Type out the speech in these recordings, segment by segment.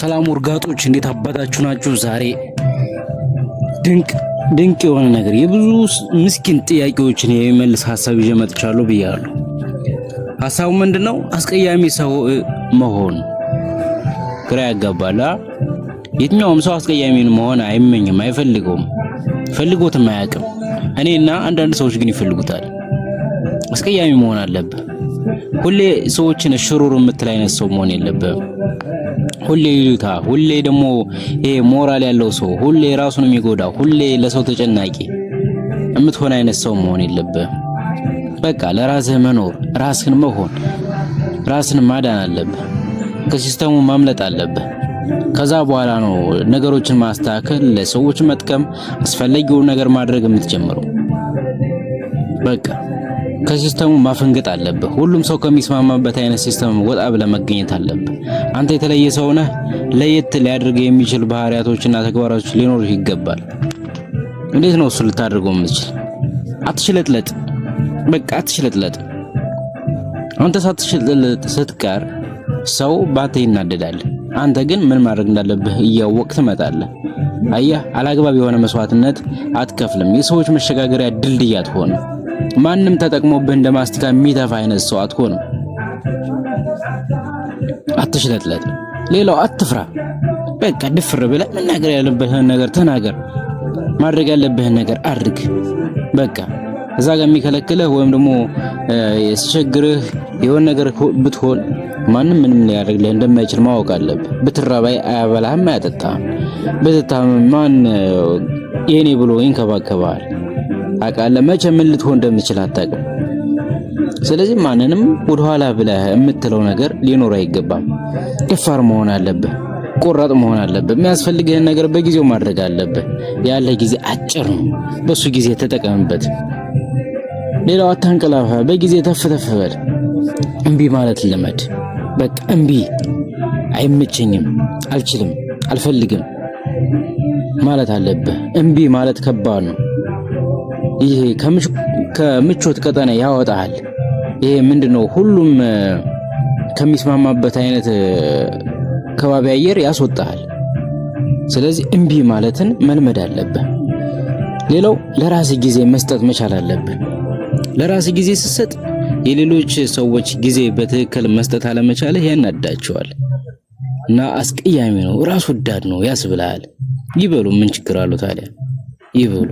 ሰላም ውርጋጦች እንዴት አባታችሁ ናችሁ? ዛሬ ድንቅ ድንቅ የሆነ ነገር የብዙ ምስኪን ጥያቄዎችን የሚመልስ ሀሳብ ይዤ መጥቻለሁ ብያለሁ። ሀሳቡ ምንድን ነው? አስቀያሚ ሰው መሆን ግራ ያጋባል። የትኛውም ሰው አስቀያሚን መሆን አይመኝም፣ አይፈልገውም፣ ፈልጎትም አያውቅም። እኔና አንዳንድ ሰዎች ግን ይፈልጉታል። አስቀያሚ መሆን አለብህ። ሁሌ ሰዎችን ሽሩር የምትል አይነት ሰው መሆን የለብህም። ሁሌ ይሉታ፣ ሁሌ ደግሞ ይሄ ሞራል ያለው ሰው፣ ሁሌ ራሱን የሚጎዳ፣ ሁሌ ለሰው ተጨናቂ የምትሆን አይነት ሰው መሆን የለብህ። በቃ ለራስህ መኖር፣ ራስህን መሆን፣ ራስን ማዳን አለብህ። ከሲስተሙ ማምለጥ አለብህ። ከዛ በኋላ ነው ነገሮችን ማስተካከል፣ ለሰዎች መጥቀም፣ አስፈላጊውን ነገር ማድረግ የምትጀምረው በቃ ከሲስተሙ ማፈንገጥ አለብህ። ሁሉም ሰው ከሚስማማበት አይነት ሲስተም ወጣ ብለህ መገኘት አለብህ። አንተ የተለየ ሰው ነህ። ለየት ሊያደርግህ የሚችል ባህሪያቶችና ተግባራቶች ሊኖርህ ይገባል። እንዴት ነው እሱ ልታደርገው የምችል? አትሽለጥለጥ፣ በቃ አትሽለጥለጥ። አንተ ሳትሽለጥለጥ ስትቀር ሰው ባንተ ይናደዳል። አንተ ግን ምን ማድረግ እንዳለብህ እያወቅ ትመጣለህ። አየህ፣ አላግባብ የሆነ መስዋዕትነት አትከፍልም። የሰዎች መሸጋገሪያ ድልድይ አትሆንም። ማንም ተጠቅሞብህ እንደ ማስቲካ የሚተፋ አይነት ሰው አትሆንም። አትሽለጥለጥ። ሌላው አትፍራ። በቃ ድፍር ብለህ መናገር ያለብህን ነገር ተናገር፣ ማድረግ ያለብህን ነገር አድርግ። በቃ እዛ ጋር የሚከለክልህ ወይም ደግሞ ሲቸግርህ የሆነ ነገር ብትሆን ማንም ምንም ሊያደርግልህ እንደማይችል ማወቅ አለብህ። ብትራባይ አያበላህም፣ አያጠጣህም። ብትታመም ማን የኔ ብሎ ይንከባከባል? አውቃለህ። መቼ ምን ልትሆን እንደምችል አታውቅም። ስለዚህ ማንንም ወደኋላ ብለህ የምትለው ነገር ሊኖር አይገባም። ደፋር መሆን አለብህ። ቆራጥ መሆን አለብህ። የሚያስፈልግህን ነገር በጊዜው ማድረግ አለብህ። ያለ ጊዜ አጭር ነው። በሱ ጊዜ ተጠቀምበት። ሌላው አታንቀላፋ። በጊዜ ተፍተፍበል። እምቢ ማለት ልመድ። በቃ እምቢ፣ አይመቸኝም፣ አልችልም፣ አልፈልግም ማለት አለብህ። እምቢ ማለት ከባድ ነው። ይሄ ከምቾት ቀጠና ያወጣል። ይሄ ምንድነው ሁሉም ከሚስማማበት አይነት ከባቢ አየር ያስወጣል። ስለዚህ እምቢ ማለትን መልመድ አለብን። ሌላው ለራስ ጊዜ መስጠት መቻል አለብን። ለራስ ጊዜ ስትሰጥ የሌሎች ሰዎች ጊዜ በትክክል መስጠት አለመቻልህ ያናዳቸዋል እና አስቀያሚ ነው፣ ራስ ወዳድ ነው ያስብልሃል። ይበሉ፣ ምን ችግር አለው ታዲያ? ይበሉ።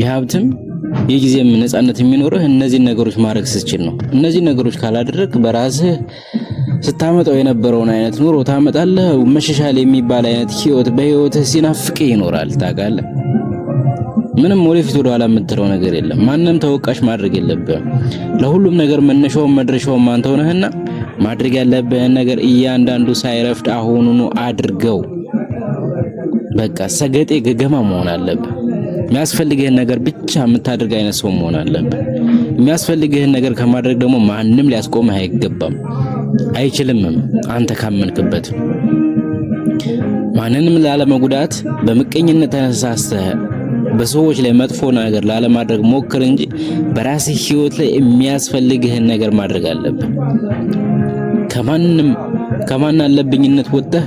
የሀብትም የጊዜም ነፃነት የሚኖርህ እነዚህን ነገሮች ማድረግ ስትችል ነው። እነዚህ ነገሮች ካላደረግ በራስህ ስታመጣው የነበረውን አይነት ኑሮ ታመጣለህ። መሻሻል የሚባል አይነት ህይወት በህይወትህ ሲናፍቅ ይኖራል። ታውቃለህ፣ ምንም ወደፊት ወደኋላ የምትለው ነገር የለም። ማንም ተወቃሽ ማድረግ የለብህም። ለሁሉም ነገር መነሻውን መድረሻውን አንተ ማድረግ ያለብህን ነገር እያንዳንዱ ሳይረፍድ አሁኑኑ አድርገው። በቃ ሰገጤ ገገማ መሆን አለብህ። የሚያስፈልግህን ነገር ብቻ የምታደርግ አይነት ሰው መሆን አለብህ። የሚያስፈልግህን ነገር ከማድረግ ደግሞ ማንም ሊያስቆምህ አይገባም፣ አይችልምም። አንተ ካመንክበት ማንንም ላለመጉዳት በምቀኝነት ተነሳስተህ በሰዎች ላይ መጥፎ ነገር ላለማድረግ ሞክር እንጂ በራስህ ህይወት ላይ የሚያስፈልግህን ነገር ማድረግ አለብህ። ከማንም ከማን አለብኝነት ወጥተህ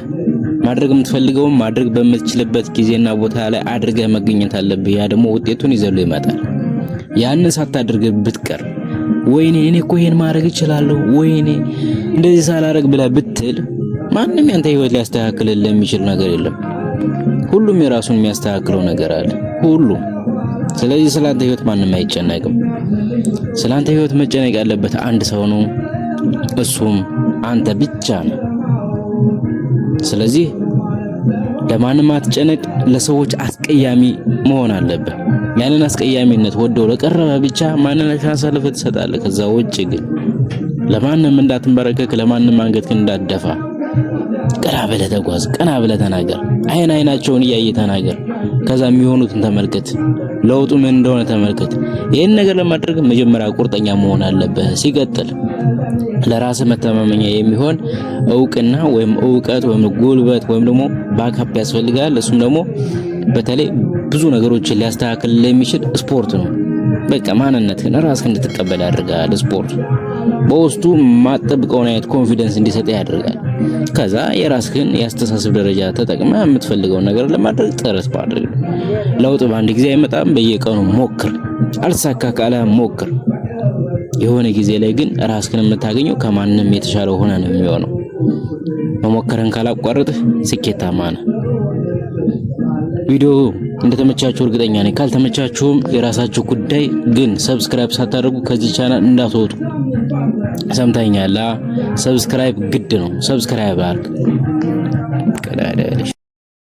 ማድረግ የምትፈልገውም ማድረግ በምትችልበት ጊዜና ቦታ ላይ አድርገ መገኘት አለብህ። ያ ደግሞ ውጤቱን ይዘሉ ይመጣል። ያንን ሳታድርገ ብትቀር ወይኔ እኔ እኮ ይሄን ማድረግ እችላለሁ፣ ወይኔ እንደዚህ ሳላደርግ ብለ ብትል ማንም ያንተ ህይወት ሊያስተካክልልህ የሚችል ነገር የለም። ሁሉም የራሱን የሚያስተካክለው ነገር አለ። ሁሉም ስለዚህ ስላንተ ህይወት ማንም አይጨነቅም። ስላንተ ህይወት መጨነቅ ያለበት አንድ ሰው ነው፣ እሱም አንተ ብቻ ነው። ስለዚህ ለማንም አትጨነቅ። ለሰዎች አስቀያሚ መሆን አለብን። ያንን አስቀያሚነት ወደው ለቀረበ ብቻ ማንነት አሳልፈህ ትሰጣለህ። ከዛ ውጭ ግን ለማንም እንዳትንበረከክ፣ ለማንም አንገትህን እንዳትደፋ፣ ቀና ብለ ተጓዝ። ቀና ብለ ተናገር። አይን አይናቸውን እያየ ተናገር። ከዛ የሚሆኑትን ተመልከት። ለውጡ ምን እንደሆነ ተመልከት። ይህን ነገር ለማድረግ መጀመሪያ ቁርጠኛ መሆን አለብህ። ሲቀጥል ለራስ መተማመኛ የሚሆን እውቅና ወይም እውቀት ወይም ጉልበት ወይም ደግሞ ባካፕ ያስፈልጋል። እሱም ደግሞ በተለይ ብዙ ነገሮችን ሊያስተካክል የሚችል ስፖርት ነው። በቃ ማንነትህን ራስህ እንድትቀበል ያደርጋል። ስፖርት በውስጡ ማጠብቀውን አይነት ኮንፊደንስ እንዲሰጥ ያደርጋል። ከዛ የራስህን የአስተሳሰብ ደረጃ ተጠቅመ የምትፈልገውን ነገር ለማድረግ ጥረት ባድርግ። ለውጥ በአንድ ጊዜ አይመጣም። በየቀኑ ሞክር። አልተሳካ ካለ ሞክር። የሆነ ጊዜ ላይ ግን ራስህን የምታገኘው ከማንም የተሻለ ሆነ ነው የሚሆነው። መሞከርን ካላቋረጥህ ስኬታማ ነህ። ቪዲዮ እንደተመቻችሁ እርግጠኛ ነኝ። ካልተመቻችሁም የራሳችሁ ጉዳይ፣ ግን ሰብስክራይብ ሳታደርጉ ከዚህ ቻናል እንዳትወጡ። ሰምታኛላ። ሰብስክራይብ ግድ ነው። ሰብስክራይብ አድርግ።